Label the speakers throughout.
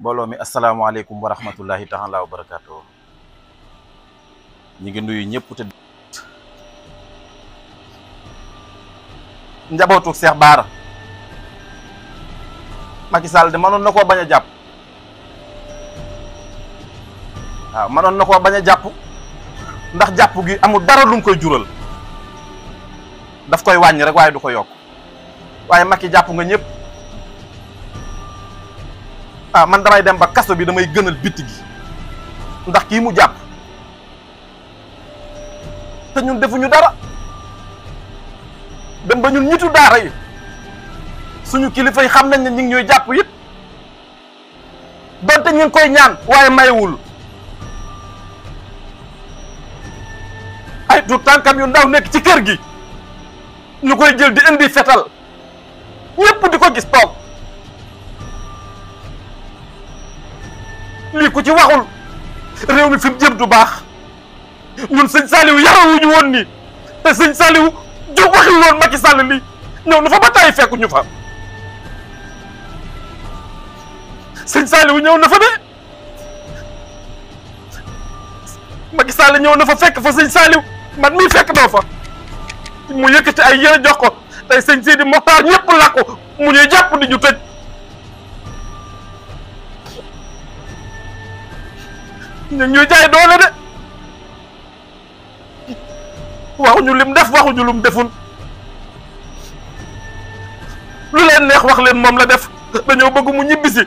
Speaker 1: mbooloo mi asalaamaaleykum wa rahmatullahi taala wa barakaatu ñu ngi nuyu ñëpp te njabootu Cheikh Bara Macky Sall de mënoon na koo bañ a jàpp waaw mënoon na koo bañ a jàpp ndax jàpp gi amul dara lu mu koy jural daf koy wàññi rek waaye du ko yokk waaye Macky jàpp nga ñëpp ah man damay dem ba kasto bi damay gënal bitti gi ndax kii mu jàpp te ñun defuñu dara dem ba ñun ñitu daara yi suñu kilifa yi xam nañ ne ñu ngi jàpp it donte ñu koy ñaan waaye mayewul ay tuut tànkam yu ndaw nekk ci kër gi ñu koy jël di indi fetal ñépp di ko gis toog lii ku ci waxul réew mi fi mu jëm du baax ñun sëñ Saliou yarawuñu woon nii te sëñ Saliou jóg waxil woon Macky Sall lii ñëw na fa ba tàyyi fa sëñ Saliou ñëw na fa de Macky Sall ñëw na fa fekk fa sëñ Saliou man mii fekk doo fa mu yëkkati ay yére jox ko tey sëñ Sidi Mokhtar ñëpp làkku mu ñuy jàpp di ñu tëj ñu ñuy jaay doole de ñu lim def waxuñu lum deful lu leen neex wax leen moom la def dañoo bëgg mu ñibbisi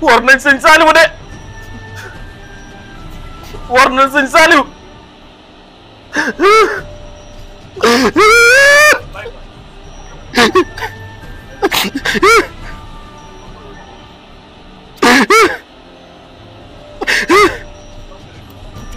Speaker 1: war nañ sëñ Saaliw de war nañ sëñ Saaliw